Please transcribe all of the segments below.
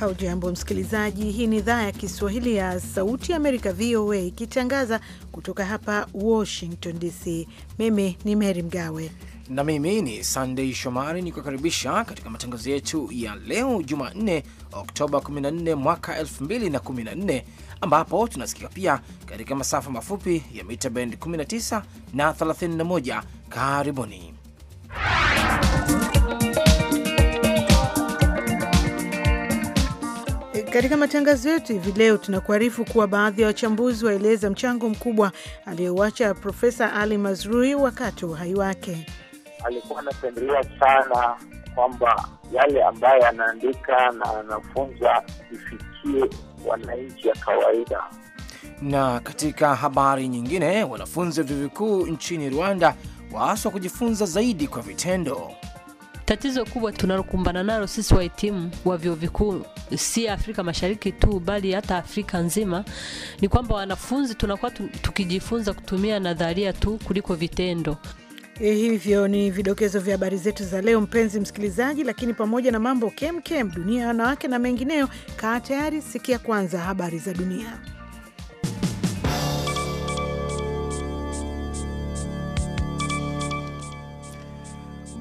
Haujambo msikilizaji, hii ni idhaa ya Kiswahili ya Sauti ya Amerika, VOA, ikitangaza kutoka hapa Washington DC. Mimi ni Mary Mgawe na mimi ni Sandei Shomari, ni kukaribisha katika matangazo yetu ya leo Jumanne, Oktoba 14 mwaka 2014, ambapo tunasikika pia katika masafa mafupi ya mita bend 19 na 31. Karibuni Katika matangazo yetu hivi leo tunakuarifu kuwa baadhi ya wachambuzi waeleza mchango mkubwa aliyouacha Profesa Ali Mazrui wakati wa uhai wake. Alikuwa anapendelea sana kwamba yale ambayo anaandika na anafunza ifikie wananchi ya kawaida. Na katika habari nyingine, wanafunzi wa vyuo vikuu nchini Rwanda waaswa kujifunza zaidi kwa vitendo. Tatizo kubwa tunalokumbana nalo sisi wahitimu wa vyuo vikuu si Afrika Mashariki tu bali hata Afrika nzima ni kwamba wanafunzi tunakuwa tukijifunza kutumia nadharia tu kuliko vitendo. Eh, hivyo ni vidokezo vya habari zetu za leo, mpenzi msikilizaji, lakini pamoja na mambo kemkem, dunia ya wanawake na mengineyo, kaa tayari, sikia kwanza habari za dunia.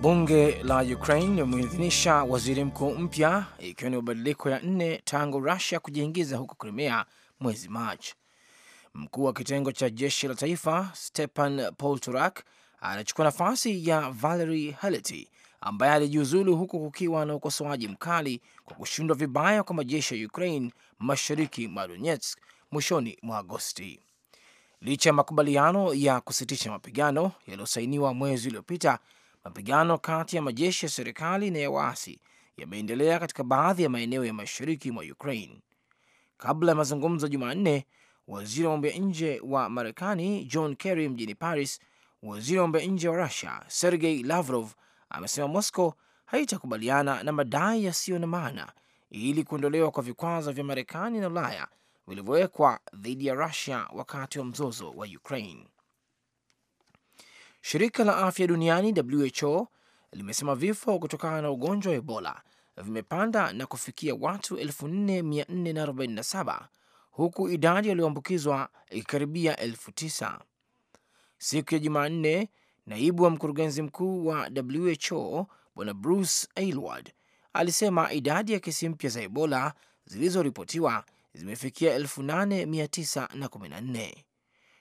Bunge la Ukraine limeidhinisha waziri mkuu mpya ikiwa ni mabadiliko ya nne tangu Rusia kujiingiza huko Crimea mwezi Machi. Mkuu wa kitengo cha jeshi la taifa Stepan Poltorak anachukua nafasi ya Valery Helety ambaye alijiuzulu huku kukiwa na ukosoaji mkali kwa kushindwa vibaya kwa majeshi ya Ukraine mashariki mwa Donetsk mwishoni mwa Agosti. Licha ya makubaliano ya kusitisha mapigano yaliyosainiwa mwezi uliopita Mapigano kati ya majeshi ya serikali na ya waasi yameendelea katika baadhi ya maeneo ya mashariki mwa Ukraine. Kabla ya mazungumzo Jumanne, waziri wa mambo ya nje wa Marekani John Kerry mjini Paris, waziri wa mambo ya nje wa Rusia Sergei Lavrov amesema Moscow haitakubaliana na madai yasiyo na maana ili kuondolewa kwa vikwazo vya Marekani na Ulaya vilivyowekwa dhidi ya Rusia wakati wa mzozo wa Ukraine. Shirika la afya duniani WHO limesema vifo kutokana na ugonjwa wa Ebola vimepanda na kufikia watu 4447 huku idadi yaliyoambukizwa ikikaribia 9 Siku ya Jumanne, naibu wa mkurugenzi mkuu wa WHO bwana Bruce Aylward alisema idadi ya kesi mpya za Ebola zilizoripotiwa zimefikia 8914.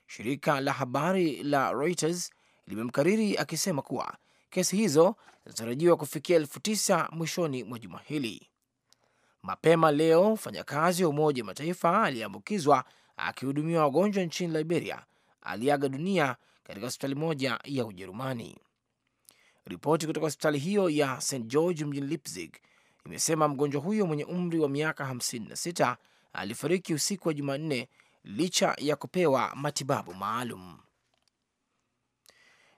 Shirika la habari la Reuters limemkariri akisema kuwa kesi hizo zinatarajiwa kufikia elfu tisa mwishoni mwa juma hili. Mapema leo mfanyakazi wa Umoja wa Mataifa aliyeambukizwa akihudumia wagonjwa nchini Liberia aliaga dunia katika hospitali moja ya Ujerumani. Ripoti kutoka hospitali hiyo ya St George mjini Leipzig imesema mgonjwa huyo mwenye umri wa miaka 56 alifariki usiku wa Jumanne licha ya kupewa matibabu maalum.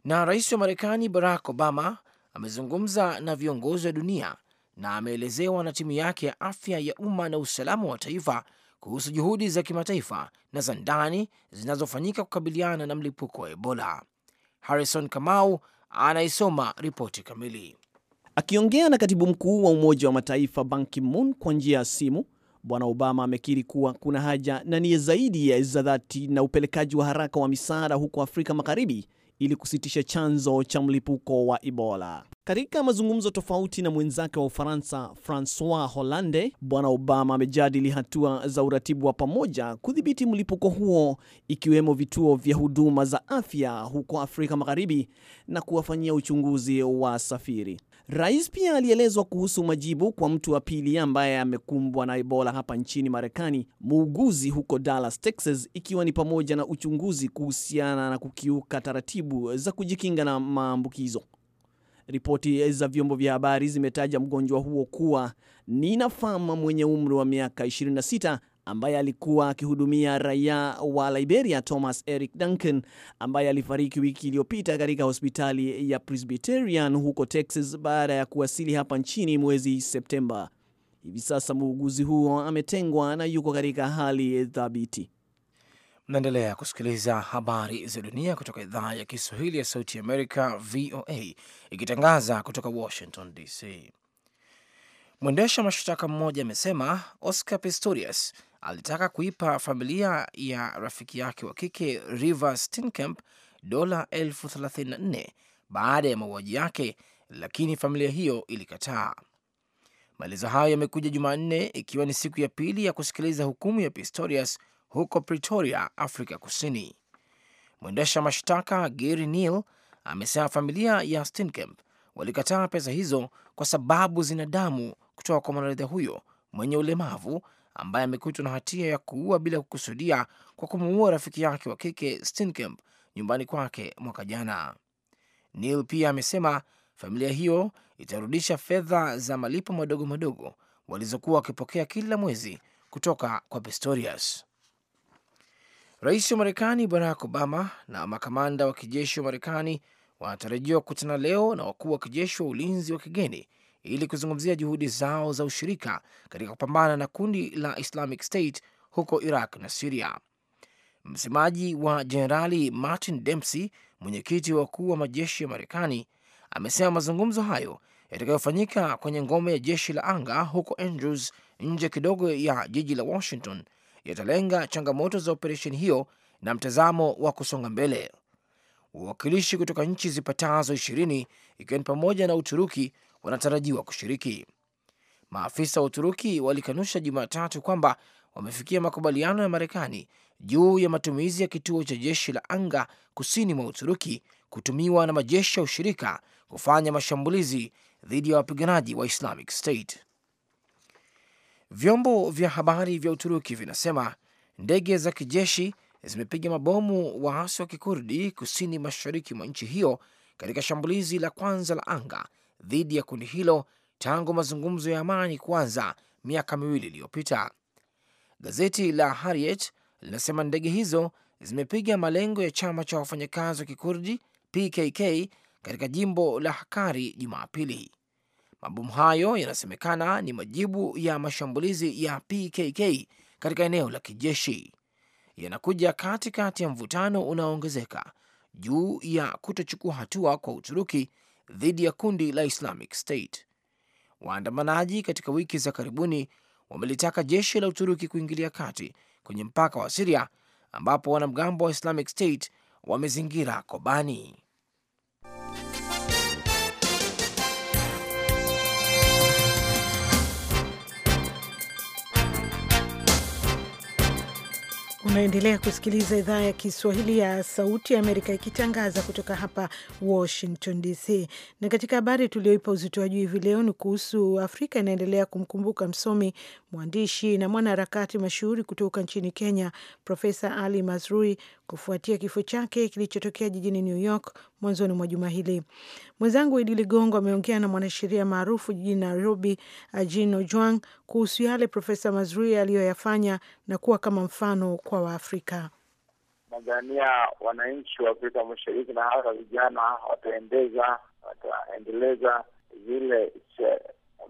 Na rais wa Marekani Barack Obama amezungumza na viongozi wa dunia na ameelezewa na timu yake ya afya ya umma na usalama wa taifa kuhusu juhudi za kimataifa na za ndani zinazofanyika kukabiliana na mlipuko wa Ebola. Harrison Kamau anaisoma ripoti kamili. Akiongea na katibu mkuu wa Umoja wa Mataifa Ban Ki-moon kwa njia ya simu, Bwana Obama amekiri kuwa kuna haja na nia zaidi ya za dhati na upelekaji wa haraka wa misaada huko Afrika Magharibi ili kusitisha chanzo cha mlipuko wa Ebola. Katika mazungumzo tofauti na mwenzake wa Ufaransa Francois Hollande, Bwana Obama amejadili hatua za uratibu wa pamoja kudhibiti mlipuko huo, ikiwemo vituo vya huduma za afya huko Afrika Magharibi na kuwafanyia uchunguzi wa safiri Rais pia alielezwa kuhusu majibu kwa mtu wa pili ambaye amekumbwa na Ebola hapa nchini Marekani, muuguzi huko Dallas, Texas, ikiwa ni pamoja na uchunguzi kuhusiana na kukiuka taratibu za kujikinga na maambukizo. Ripoti za vyombo vya habari zimetaja mgonjwa huo kuwa ni nafama mwenye umri wa miaka 26 ambaye alikuwa akihudumia raia wa Liberia Thomas Eric Duncan ambaye alifariki wiki iliyopita katika hospitali ya Presbyterian huko Texas baada ya kuwasili hapa nchini mwezi Septemba. Hivi sasa muuguzi huo ametengwa na yuko katika hali thabiti. Mnaendelea kusikiliza habari za dunia kutoka idhaa ya Kiswahili ya Sauti Amerika, VOA, ikitangaza kutoka Washington DC. Mwendesha mashtaka mmoja amesema Oscar Pistorius alitaka kuipa familia ya rafiki yake wa kike River Steenkamp dola elfu thelathini na nne baada ya mauaji yake, lakini familia hiyo ilikataa. Maelezo hayo yamekuja Jumanne ikiwa ni siku ya pili ya kusikiliza hukumu ya Pistorius huko Pretoria, Afrika Kusini. Mwendesha mashtaka Gary Neil amesema familia ya Steenkamp walikataa pesa hizo kwa sababu zina damu kutoka kwa mwanariadha huyo mwenye ulemavu ambaye amekutwa na hatia ya kuua bila kukusudia kwa kumuua rafiki yake wa kike Steenkamp nyumbani kwake mwaka jana. Neil pia amesema familia hiyo itarudisha fedha za malipo madogo madogo walizokuwa wakipokea kila mwezi kutoka kwa Pistorius. Rais wa Marekani Barack Obama na makamanda wa kijeshi wa Marekani wanatarajiwa kukutana leo na wakuu wa kijeshi wa ulinzi wa kigeni ili kuzungumzia juhudi zao za ushirika katika kupambana na kundi la Islamic State huko Iraq na Siria. Msemaji wa Jenerali Martin Dempsey, mwenyekiti wa kuu wa majeshi ya Marekani, amesema mazungumzo hayo yatakayofanyika kwenye ngome ya jeshi la anga huko Andrews, nje kidogo ya jiji la Washington, yatalenga changamoto za operesheni hiyo na mtazamo wa kusonga mbele. Wawakilishi kutoka nchi zipatazo ishirini ikiwa ni pamoja na Uturuki wanatarajiwa kushiriki. Maafisa wa Uturuki walikanusha Jumatatu kwamba wamefikia makubaliano ya Marekani juu ya matumizi ya kituo cha jeshi la anga kusini mwa Uturuki kutumiwa na majeshi ya ushirika kufanya mashambulizi dhidi ya wapiganaji wa Islamic State. Vyombo vya habari vya Uturuki vinasema ndege za kijeshi zimepiga mabomu waasi wa kikurdi kusini mashariki mwa nchi hiyo katika shambulizi la kwanza la anga dhidi ya kundi hilo tangu mazungumzo ya amani kuanza miaka miwili iliyopita. Gazeti la Hariet linasema ndege hizo zimepiga malengo ya chama cha wafanyakazi wa kikurdi PKK katika jimbo la Hakari Jumapili. Mabomu hayo yanasemekana ni majibu ya mashambulizi ya PKK katika eneo la kijeshi, yanakuja katikati ya mvutano unaoongezeka juu ya kutochukua hatua kwa Uturuki dhidi ya kundi la Islamic State. Waandamanaji katika wiki za karibuni wamelitaka jeshi la Uturuki kuingilia kati kwenye mpaka wa Siria ambapo wanamgambo wa Islamic State wamezingira Kobani. Unaendelea kusikiliza idhaa ya Kiswahili ya Sauti ya Amerika ikitangaza kutoka hapa Washington DC. Na katika habari tulioipa uzito wa juu hivi leo ni kuhusu Afrika inaendelea kumkumbuka msomi, mwandishi na mwanaharakati mashuhuri kutoka nchini Kenya, Profesa Ali Mazrui kufuatia kifo chake kilichotokea jijini New York mwanzoni mwa juma hili. Mwenzangu Idi Ligongo ameongea na mwanasheria maarufu jijini Nairobi, Ajino Ojwang, kuhusu yale Profesa Mazrui aliyoyafanya na kuwa kama mfano kwa Waafrika. Nadhania wananchi wa Afrika Mashariki na hasa vijana wataendeza, wataendeleza zile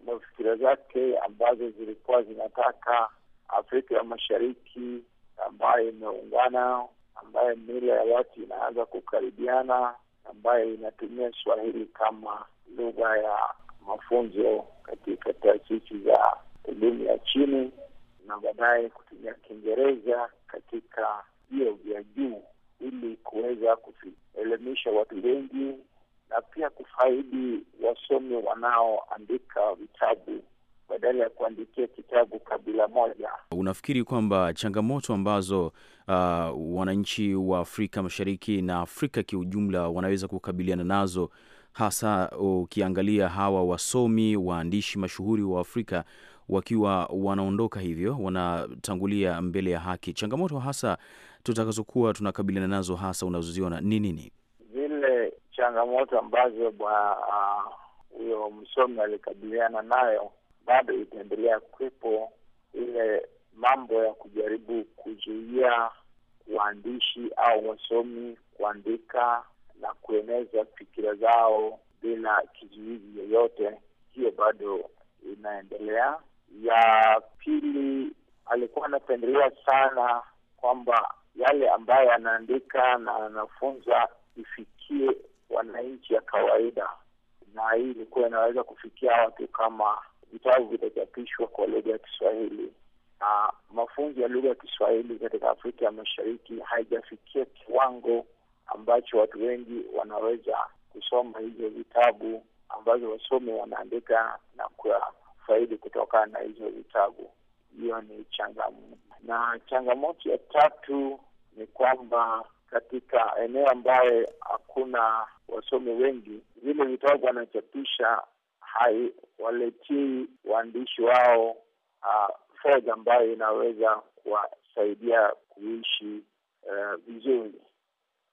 mafikira zake ambazo zilikuwa zinataka Afrika ya Mashariki ambayo imeungana, ambayo mila ya watu inaanza kukaribiana ambayo inatumia Swahili kama lugha ya mafunzo katika taasisi za elimu ya chini na baadaye kutumia Kiingereza katika vio vya juu ili kuweza kuelimisha watu wengi na pia kufaidi wasomi wanaoandika vitabu badala ya kuandikia kitabu kabila moja. Unafikiri kwamba changamoto ambazo uh, wananchi wa Afrika Mashariki na Afrika kiujumla wanaweza kukabiliana nazo hasa ukiangalia hawa wasomi waandishi mashuhuri wa Afrika wakiwa wanaondoka hivyo, wanatangulia mbele ya haki, changamoto hasa tutakazokuwa tunakabiliana nazo hasa unazoziona ni nini? Zile changamoto ambazo bwana uh, huyo msomi alikabiliana nayo bado itaendelea kuwepo ile mambo ya kujaribu kuzuia waandishi au wasomi kuandika na kueneza fikira zao bila kizuizi yoyote, hiyo bado inaendelea. Ya pili, alikuwa anapendelea sana kwamba yale ambayo anaandika na anafunza ifikie wananchi ya kawaida, na hii ilikuwa inaweza kufikia watu kama vitabu vitachapishwa kwa lugha ya Kiswahili na mafunzo ya lugha ya Kiswahili katika Afrika ya Mashariki haijafikia kiwango ambacho watu wengi wanaweza kusoma hizo vitabu ambazo wasomi wanaandika na kufaidi kutokana na hizo vitabu. Hiyo ni changamoto. Na changamoto ya tatu ni kwamba katika eneo ambayo hakuna wasomi wengi, vile vitabu wanachapisha haiwaletii waandishi wao uh, fedha ambayo inaweza kuwasaidia kuishi uh, vizuri.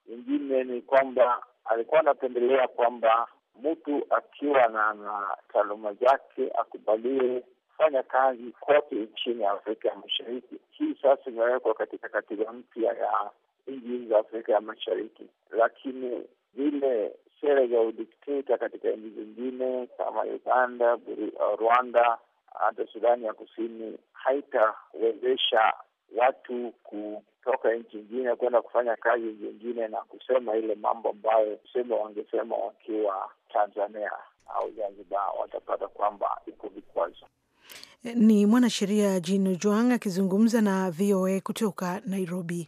Ingine ni kwamba alikuwa anapendelea kwamba mtu akiwa na, na taaluma zake akubaliwe kufanya kazi kote nchini Afrika ya Mashariki. Hii sasa imewekwa katika katiba mpya ya nchi za Afrika ya Mashariki, lakini vile sera za udikteta katika nchi zingine kama Uganda, uh, Rwanda, hata Sudani ya Kusini haitawezesha watu kutoka nchi ingine kwenda kufanya kazi zingine na kusema ile mambo ambayo sema wangesema wakiwa Tanzania au Zanzibar, watapata kwamba iko vikwazo. Ni mwanasheria Jino Juang akizungumza na VOA kutoka Nairobi.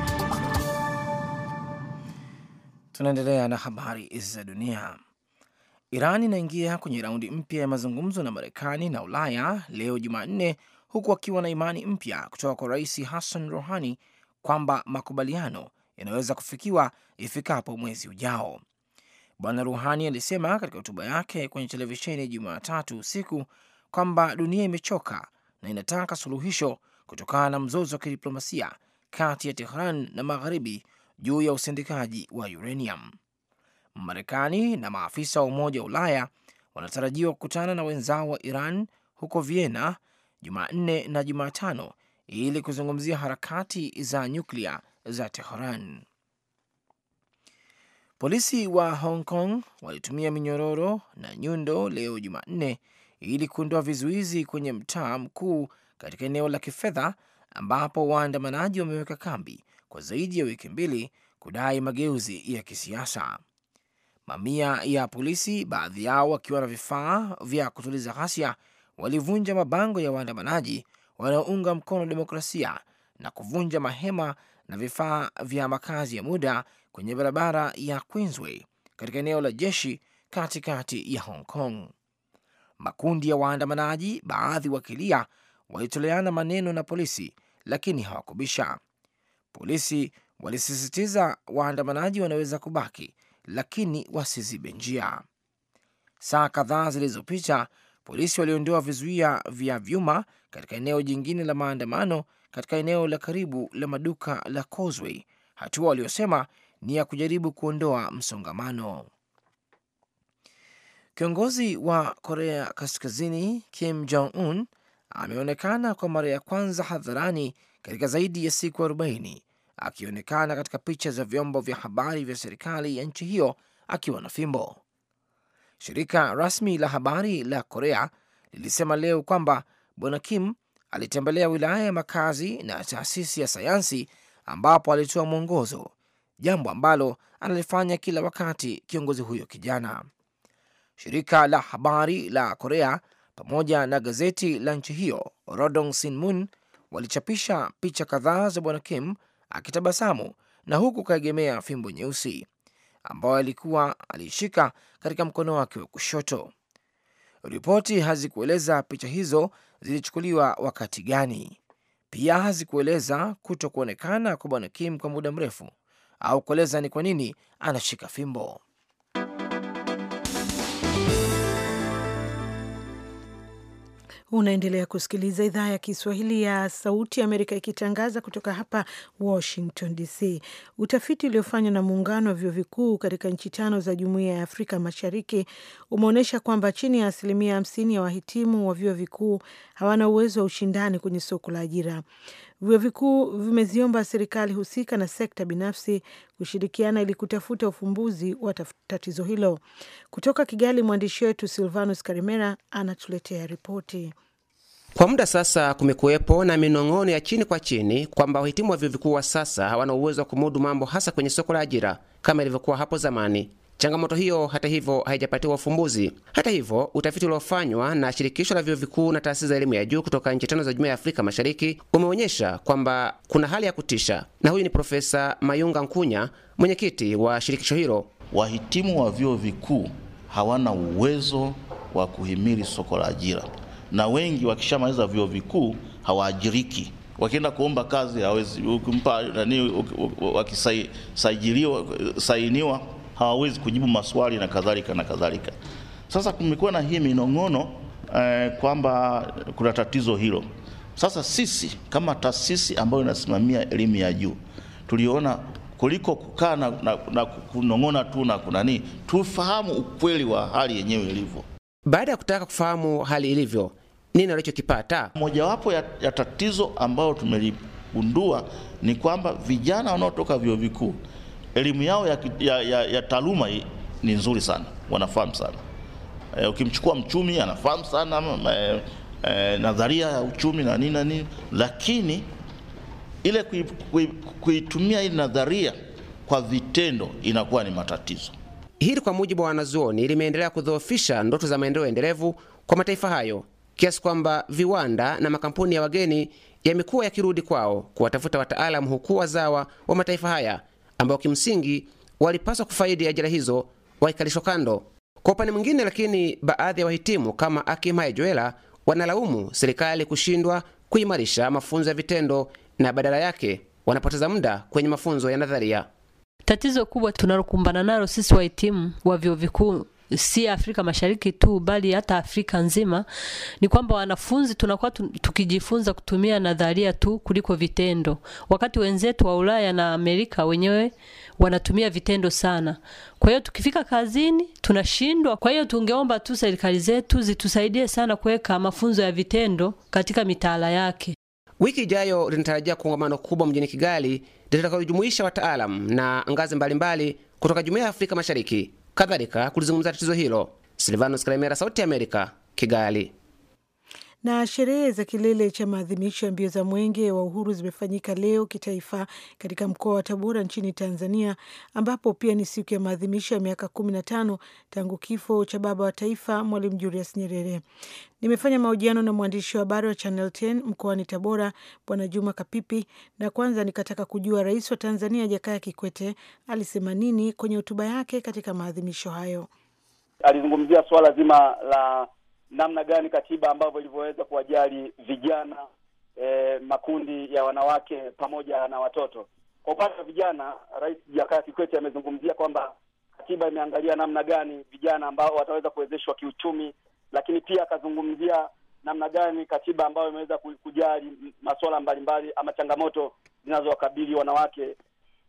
Tunaendelea na habari za dunia. Iran inaingia kwenye raundi mpya ya mazungumzo na Marekani na Ulaya leo Jumanne, huku akiwa na imani mpya kutoka kwa Rais Hassan Rouhani kwamba makubaliano yanaweza kufikiwa ifikapo mwezi ujao. Bwana Rouhani alisema katika hotuba yake kwenye televisheni Jumatatu usiku kwamba dunia imechoka na inataka suluhisho kutokana na mzozo wa kidiplomasia kati ya Tehran na Magharibi juu ya usindikaji wa uranium. Marekani na maafisa wa Umoja wa Ulaya wanatarajiwa kukutana na wenzao wa Iran huko Vienna Jumanne na Jumatano ili kuzungumzia harakati za nyuklia za Teheran. Polisi wa Hong Kong walitumia minyororo na nyundo leo Jumanne ili kuondoa vizuizi kwenye mtaa mkuu katika eneo la kifedha ambapo waandamanaji wameweka kambi kwa zaidi ya wiki mbili kudai mageuzi ya kisiasa. Mamia ya polisi, baadhi yao wakiwa na vifaa vya kutuliza ghasia, walivunja mabango ya waandamanaji wanaounga mkono demokrasia na kuvunja mahema na vifaa vya makazi ya muda kwenye barabara ya Queensway katika eneo la jeshi katikati ya Hong Kong. Makundi ya waandamanaji, baadhi wakilia, walitoleana maneno na polisi, lakini hawakubisha. Polisi walisisitiza waandamanaji wanaweza kubaki, lakini wasizibe njia. Saa kadhaa zilizopita, polisi waliondoa vizuia vya vyuma katika eneo jingine la maandamano katika eneo la karibu la maduka la Causeway, hatua waliosema ni ya kujaribu kuondoa msongamano. Kiongozi wa Korea Kaskazini Kim Jong Un ameonekana kwa mara ya kwanza hadharani katika zaidi ya siku 40 akionekana katika picha za vyombo vya habari vya serikali ya nchi hiyo akiwa na fimbo. Shirika rasmi la habari la Korea lilisema leo kwamba bwana Kim alitembelea wilaya ya makazi na taasisi ya sayansi ambapo alitoa mwongozo, jambo ambalo analifanya kila wakati kiongozi huyo kijana. Shirika la habari la Korea pamoja na gazeti la nchi hiyo Rodong Sinmun walichapisha picha kadhaa za bwana Kim akitabasamu na huku kaegemea fimbo nyeusi ambayo alikuwa aliishika katika mkono wake wa kushoto. Ripoti hazikueleza picha hizo zilichukuliwa wakati gani. Pia hazikueleza kuto kuonekana kwa bwana Kim kwa muda mrefu au kueleza ni kwa nini anashika fimbo. Unaendelea kusikiliza idhaa ya Kiswahili ya Sauti ya Amerika ikitangaza kutoka hapa Washington DC. Utafiti uliofanywa na muungano wa vyuo vikuu katika nchi tano za Jumuiya ya Afrika Mashariki umeonyesha kwamba chini ya asilimia hamsini ya wahitimu wa vyuo vikuu hawana uwezo wa ushindani kwenye soko la ajira. Vyuo vikuu vimeziomba serikali husika na sekta binafsi kushirikiana ili kutafuta ufumbuzi wa tatizo hilo. Kutoka Kigali, mwandishi wetu Silvanus Karimera anatuletea ripoti. Kwa muda sasa kumekuwepo na minong'ono ya chini kwa chini kwamba wahitimu wa vyuo vikuu wa sasa hawana uwezo wa kumudu mambo hasa kwenye soko la ajira kama ilivyokuwa hapo zamani. Changamoto hiyo hata hivyo haijapatiwa ufumbuzi. Hata hivyo, utafiti uliofanywa na shirikisho la vyuo vikuu na taasisi za elimu ya juu kutoka nchi tano za jumua ya Afrika Mashariki umeonyesha kwamba kuna hali ya kutisha, na huyu ni Profesa Mayunga Nkunya, mwenyekiti wa shirikisho hilo. Wahitimu wa vyuo vikuu hawana uwezo wa kuhimili soko la ajira, na wengi wakishamaliza vyuo vikuu hawaajiriki wakienda kuomba kazi hawezi, kumpa nani, wakisajiliwa sainiwa hawawezi kujibu maswali na kadhalika na kadhalika. Sasa kumekuwa na hii minong'ono eh, kwamba kuna tatizo hilo. Sasa sisi kama taasisi ambayo inasimamia elimu ya juu tuliona kuliko kukaa na, na, na kunong'ona tu na kunani, tufahamu ukweli wa hali yenyewe ilivyo. Baada ya kutaka kufahamu hali ilivyo, nini alichokipata? Mojawapo ya, ya tatizo ambayo tumeligundua ni kwamba vijana wanaotoka vyuo vikuu elimu yao ya, ya, ya, ya taaluma ni nzuri sana, wanafahamu sana e, ukimchukua mchumi anafahamu sana e, e, nadharia ya uchumi na nini na nini, lakini ile kuitumia kui, kui ile nadharia kwa vitendo inakuwa ni matatizo. Hili kwa mujibu wa wanazuoni limeendelea kudhoofisha ndoto za maendeleo endelevu kwa mataifa hayo kiasi kwamba viwanda na makampuni ya wageni yamekuwa yakirudi kwao kuwatafuta wataalamu, huku wazawa wa mataifa haya ambao kimsingi walipaswa kufaidi ajira hizo waikalishwa kando. Kwa upande mwingine, lakini baadhi ya wahitimu kama Akim juela wanalaumu serikali kushindwa kuimarisha mafunzo ya vitendo na badala yake wanapoteza muda kwenye mafunzo ya nadharia. Tatizo kubwa tunalokumbana nalo sisi wahitimu wa vyuo vikuu si Afrika Mashariki tu bali hata Afrika nzima, ni kwamba wanafunzi tunakuwa tukijifunza kutumia nadharia tu kuliko vitendo, wakati wenzetu wa Ulaya na Amerika wenyewe wanatumia vitendo sana. Kwa hiyo tukifika kazini tunashindwa. Kwa hiyo tungeomba tu serikali zetu zitusaidie sana kuweka mafunzo ya vitendo katika mitaala yake. Wiki ijayo linatarajia kongamano kubwa mjini Kigali litakalojumuisha wataalamu na ngazi mbalimbali kutoka Jumuiya ya Afrika Mashariki kadhalika kulizungumza tatizo hilo. Silvanos Kalemera, Sauti ya Amerika, Kigali. Na sherehe za kilele cha maadhimisho ya mbio za mwenge wa uhuru zimefanyika leo kitaifa katika mkoa wa Tabora nchini Tanzania, ambapo pia ni siku ya maadhimisho ya miaka kumi na tano tangu kifo cha baba wa taifa Mwalimu Julius Nyerere. Nimefanya mahojiano na mwandishi wa habari wa Channel 10 mkoani Tabora, Bwana Juma Kapipi, na kwanza nikataka kujua rais wa Tanzania Jakaya Kikwete alisema nini kwenye hotuba yake katika maadhimisho hayo. Alizungumzia suala zima la namna gani katiba ambavyo ilivyoweza kuwajali vijana e, makundi ya wanawake pamoja na watoto. Kwa upande wa vijana, Rais Jakaya Kikwete amezungumzia kwamba katiba imeangalia namna gani vijana ambao wataweza kuwezeshwa kiuchumi, lakini pia akazungumzia namna gani katiba ambayo imeweza kujali masuala mbalimbali ama changamoto zinazowakabili wanawake,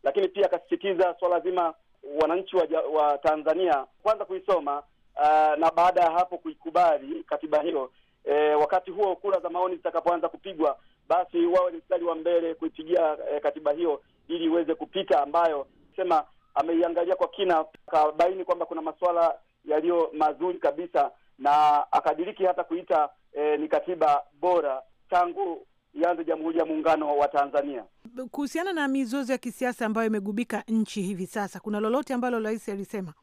lakini pia akasisitiza swala zima wananchi wa, wa Tanzania kwanza kuisoma uh, na baada ya hapo kuikubali katiba hiyo e, wakati huo kura za maoni zitakapoanza kupigwa, basi wawe ni mstari wa mbele kuipigia e, katiba hiyo ili iweze kupita, ambayo sema ameiangalia kwa kina, akabaini kwamba kuna masuala yaliyo mazuri kabisa na akadiriki hata kuita e, ni katiba bora tangu ianze Jamhuri ya Muungano wa Tanzania. Kuhusiana na mizozo ya kisiasa ambayo imegubika nchi hivi sasa, kuna lolote ambalo rais alisema?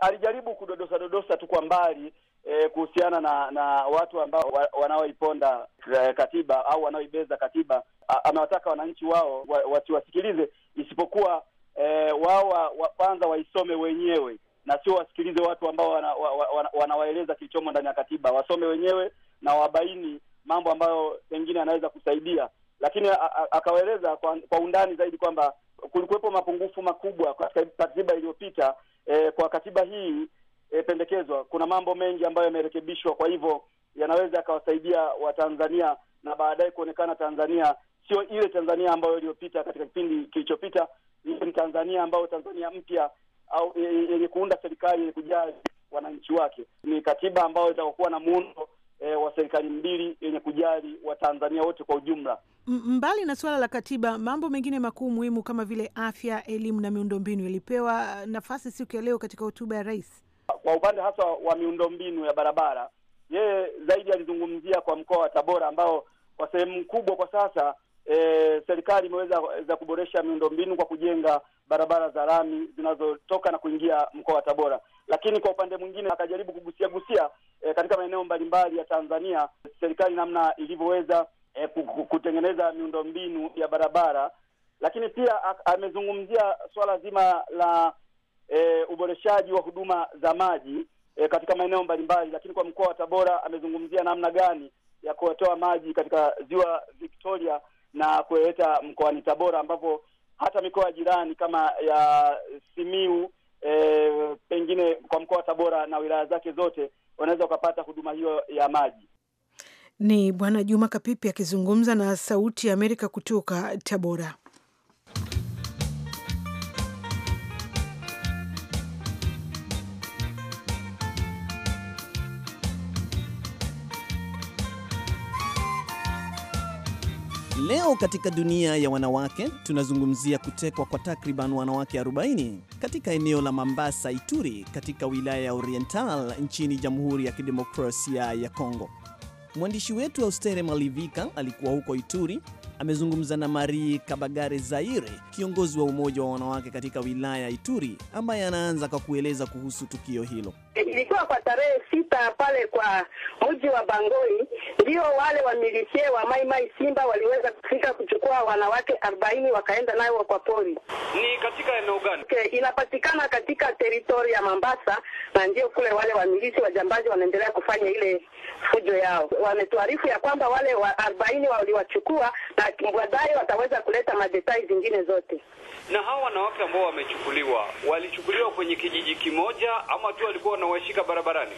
alijaribu kudodosa dodosa tu kwa mbali e, kuhusiana na na watu ambao wa, wanaoiponda e, katiba au wanaoibeza katiba. Amewataka wananchi wao wasiwasikilize wa isipokuwa e, wao kwanza wa, waisome wenyewe na sio wasikilize watu ambao wanawaeleza wana, wana kilichomo ndani ya katiba. Wasome wenyewe na wabaini mambo ambayo pengine yanaweza kusaidia, lakini akawaeleza kwa, kwa undani zaidi kwamba kulikuwepo mapungufu makubwa katika katiba iliyopita e, kwa katiba hii e, pendekezwa kuna mambo mengi ambayo yamerekebishwa, kwa hivyo yanaweza yakawasaidia Watanzania na baadaye kuonekana Tanzania sio ile Tanzania ambayo iliyopita katika kipindi kilichopita. Hiyo ni Tanzania ambayo Tanzania mpya au e, e, yenye kuunda serikali yenye kujali wananchi wake. Ni katiba ambayo itakuwa na muundo e, wa serikali mbili yenye kujali Watanzania wote kwa ujumla. Mbali na suala la katiba, mambo mengine makuu muhimu kama vile afya, elimu na miundombinu yalipewa uh, nafasi siku ya leo katika hotuba ya rais. Kwa upande hasa wa miundombinu ya barabara, yeye zaidi alizungumzia kwa mkoa wa Tabora ambao kwa sehemu kubwa kwa sasa e, serikali imeweza za kuboresha miundombinu kwa kujenga barabara za lami zinazotoka na kuingia mkoa wa Tabora, lakini kwa upande mwingine akajaribu kugusia gusia e, katika maeneo mbalimbali ya Tanzania, serikali namna ilivyoweza e, kutengeneza miundombinu ya barabara, lakini pia amezungumzia swala zima la e, uboreshaji wa huduma za maji e, katika maeneo mbalimbali, lakini kwa mkoa wa Tabora amezungumzia namna gani ya kuwatoa maji katika ziwa Victoria na kuleta mkoani Tabora ambapo hata mikoa ya jirani kama ya Simiu e, pengine kwa mkoa wa Tabora na wilaya zake zote wanaweza wakapata huduma hiyo ya maji. Ni Bwana Juma Kapipi akizungumza na Sauti ya Amerika kutoka Tabora. Leo katika dunia ya wanawake tunazungumzia kutekwa kwa takriban wanawake 40 katika eneo la Mambasa, Ituri, katika wilaya ya Oriental nchini Jamhuri ya Kidemokrasia ya congo Mwandishi wetu Austere Malivika alikuwa huko Ituri, amezungumza na Marie Kabagare Zaire, kiongozi wa umoja wa wanawake katika wilaya ya Ituri, ambaye anaanza kwa kueleza kuhusu tukio hilo ilikuwa kwa tarehe sita pale kwa mji wa Bangoi, ndio wale wamilisie wa Mai Mai Simba waliweza kufika kuchukua wanawake arobaini wakaenda nayo kwa pori. Ni katika eneo gani? Okay, inapatikana katika teritori ya Mambasa, na ndio kule wale wamilisi wajambazi wanaendelea kufanya ile fujo yao. Wametuarifu ya kwamba wale wa arobaini waliwachukua na baadaye wataweza kuleta madetai zingine zote. Na hawa wanawake ambao wamechukuliwa, walichukuliwa kwenye kijiji kimoja ama tu walikuwa wanawashika barabarani?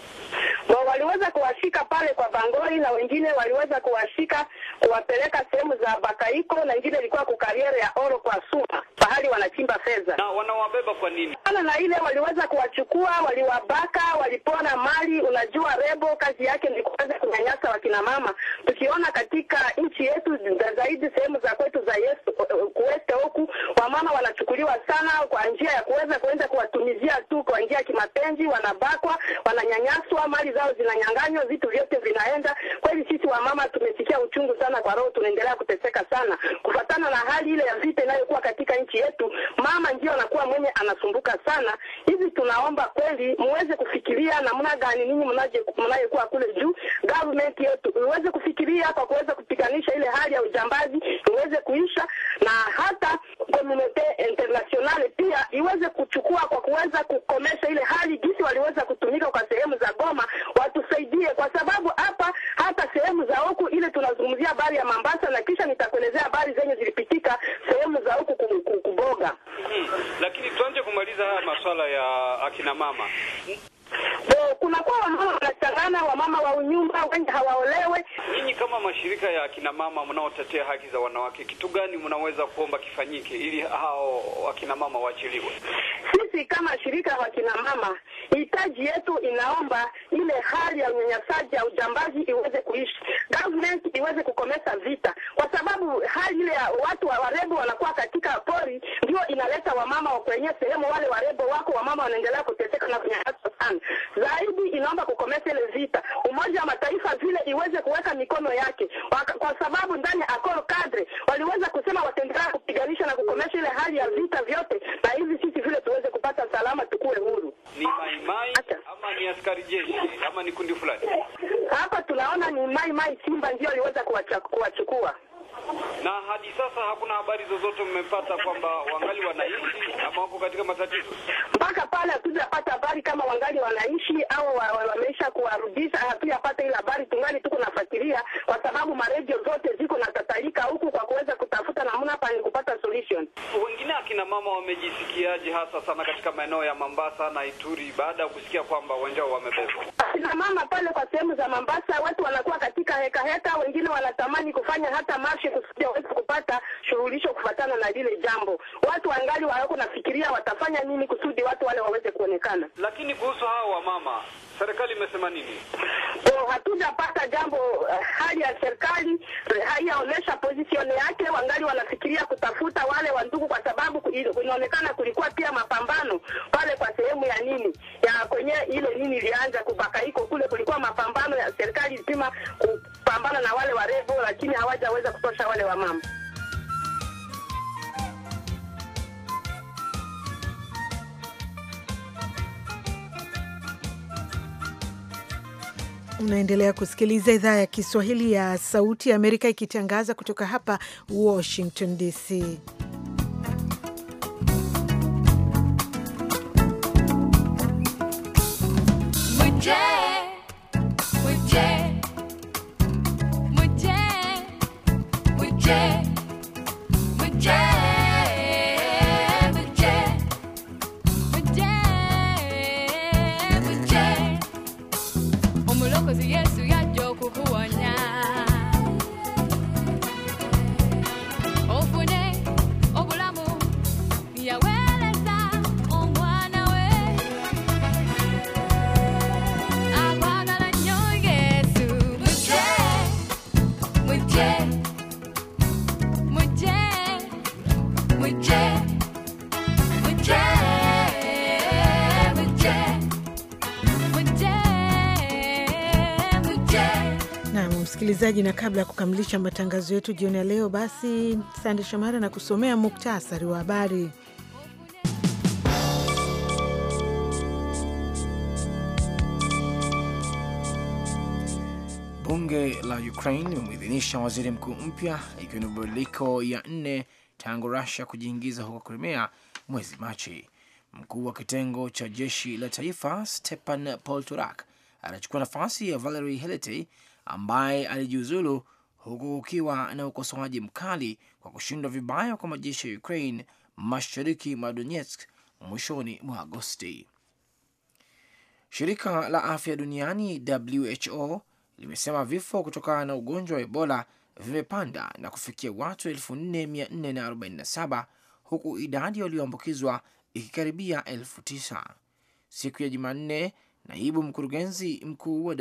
Waliweza kuwashika pale kwa Bangori na wengine waliweza kuwashika kuwapeleka sehemu za Bakaiko na ingine ilikuwa kukariere ya Oro kwa Suma pahali wanachimba fedha. Na wanawabeba kwa nini? Na ile waliweza kuwachukua, waliwabaka, walipona mali. Unajua, rebo kazi yake ni kuweza kunyanyasa wakina mama. Tukiona katika nchi yetu zaidi sehemu za kwetu za Yesu kuwete huku, wamama wanachukuliwa sana kwa njia ya kuweza kuenda kuwatumizia tu kwa njia ya kimapenzi. Wanabakwa, wananyanyaswa, mali zao zinanyang'anywa, vitu vyote vinaenda. Kweli sisi wamama tumesikia uchungu sana kwa roho, tunaendelea kuteseka sana kufatana na hali ile ya vita inayokuwa katika nchi nchi yetu, mama ndio anakuwa mwenye anasumbuka sana. Hivi tunaomba kweli muweze kufikiria namna gani ninyi mnayekuwa kule juu, government yetu iweze kufikiria kwa kuweza kupiganisha ile hali ya ujambazi iweze kuisha, na hata community international pia iweze kuchukua kwa kuweza kukomesha ile hali jinsi waliweza kutumika kwa sehemu za Goma, watusaidie kwa sababu hapa hata sehemu za huku ile tunazungumzia habari ya Mambasa, na kisha nitakuelezea habari zenye zilipitika sehemu za huku. Lakini tuanze kumaliza haya masuala ya akina mama. Kuna kwa wanaona sana, wamama wa unyumba wengi hawaolewe. Ninyi kama mashirika ya akina mama mnaotetea haki za wanawake, kitu gani mnaweza kuomba kifanyike ili hao akina mama waachiliwe? Sisi kama shirika wa akina mama, hitaji yetu inaomba ile hali ya unyanyasaji ya ujambazi iweze kuishi, government iweze kukomesa vita, kwa sababu hali ile ya watu wa warebo wanakuwa katika pori ndio inaleta wamama wa kwenye sehemu, wale warebo wako wamama wanaendelea kuteseka na kunyanyaswa sana zaidi. Inaomba kukomesha ile vita, Umoja wa Mataifa vile iweze kuweka mikono yake, kwa sababu ndani ya akoro Cadre waliweza kusema wataendelea kupiganisha na kukomesha ile hali ya vita vyote, na hivi sisi vile tuweze kupata salama, tukuwe huru. Ni maimai ama ni askari jeshi ama ni kundi fulani? Hapa tunaona ni maimai mai Simba ndio aliweza kuwachukua na hadi sasa hakuna habari zozote mmepata kwamba wangali wanaishi ama wako katika matatizo? Mpaka pale hatujapata habari kama wangali wanaishi au wameisha kuwarudisha, hatujapata ile habari, tungali tuko nafuatilia, kwa sababu maredio zote ziko na tatalika huku kwa kuweza kutafuta namna pani kupata solution. Wengine akina mama wamejisikiaje hasa sana katika maeneo ya Mambasa na Ituri baada ya kusikia kwamba wenzao wamebebwa? Akina mama pale kwa sehemu za Mambasa watu wanakuwa katika heka heka, wengine wanatamani kufanya hata marshi sijawahi kupata shughulisho kufuatana na lile jambo. Watu wangali wako nafikiria watafanya nini kusudi watu wale waweze kuonekana. Lakini kuhusu hao wamama, serikali imesema nini? Hatujapata jambo. Eh, hali ya serikali haiyaonyesha position yake, wangali wanafikiria kutafuta wale wandugu, kwa sababu inaonekana kulikuwa pia mapambano pale kwa sehemu ya nini ya kwenye ile nini ilianza iko kule, kulikuwa mapambano ya serikali zima kupambana na wale warevu, lakini hawajaweza kutosha wale wa mama. Unaendelea kusikiliza idhaa ya Kiswahili ya Sauti ya Amerika ikitangaza kutoka hapa Washington DC. Mujay. Jay, with Jack. msikilizaji, na kabla ya kukamilisha matangazo yetu jioni ya leo, basi Sande Shomari na kusomea muktasari wa habari. Bunge la Ukraine limemwidhinisha waziri mkuu mpya ikiwa ni mabadiliko ya nne tangu Rusia kujiingiza huko krimea mwezi Machi. Mkuu wa kitengo cha jeshi la taifa Stepan Polturak anachukua nafasi ya Valery Heletey ambaye alijiuzulu huku kukiwa na ukosoaji mkali kwa kushindwa vibaya kwa majeshi ya Ukraine mashariki mwa Donetsk mwishoni mwa Agosti. Shirika la afya duniani WHO limesema vifo kutokana na ugonjwa wa Ebola vimepanda na kufikia watu 4447 huku idadi walioambukizwa ikikaribia elfu tisa siku ya Jumanne. Naibu mkurugenzi mkuu wa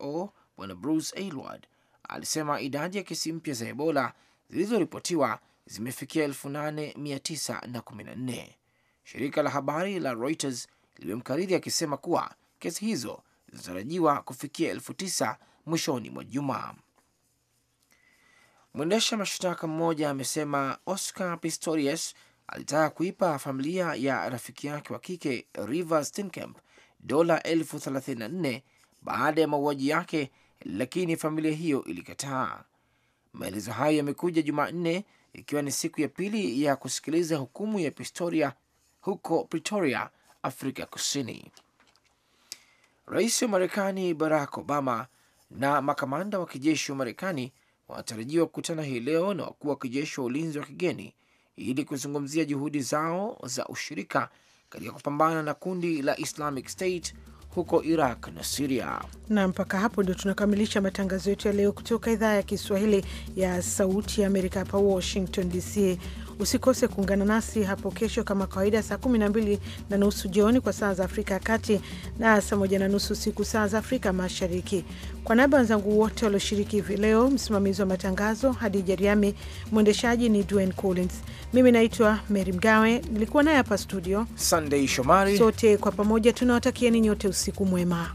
WHO Bwana Bruce Aylward alisema idadi ya kesi mpya za Ebola zilizoripotiwa zimefikia 8914. Shirika la habari la Reuters limemkariri akisema kuwa kesi hizo zinatarajiwa kufikia 9000 mwishoni mwa juma. Mwendesha mashtaka mmoja amesema Oscar Pistorius alitaka kuipa familia ya rafiki yake wa kike Reeva Steenkamp dola elfu 34 baada ya mauaji yake lakini familia hiyo ilikataa. Maelezo hayo yamekuja Jumanne ikiwa ni siku ya pili ya kusikiliza hukumu ya Pistoria huko Pretoria, Afrika Kusini. Rais wa Marekani Barack Obama na makamanda wa kijeshi wa Marekani wanatarajiwa kukutana hii leo na wakuu wa kijeshi wa ulinzi wa kigeni ili kuzungumzia juhudi zao za ushirika katika kupambana na kundi la Islamic State huko Iraq na Siria. Na mpaka hapo ndio tunakamilisha matangazo yetu ya leo kutoka idhaa ya Kiswahili ya Sauti ya Amerika hapa Washington DC. Usikose kuungana nasi hapo kesho kama kawaida, saa 12 na nusu jioni kwa saa za Afrika ya Kati na saa moja na nusu usiku saa za Afrika Mashariki. Kwa niaba wenzangu wote walioshiriki hivi leo, msimamizi wa matangazo Hadija Riami, mwendeshaji ni Dwayne Collins, mimi naitwa Mary Mgawe, nilikuwa naye hapa studio Sunday Shomari. Sote kwa pamoja tunawatakieni nyote usiku mwema.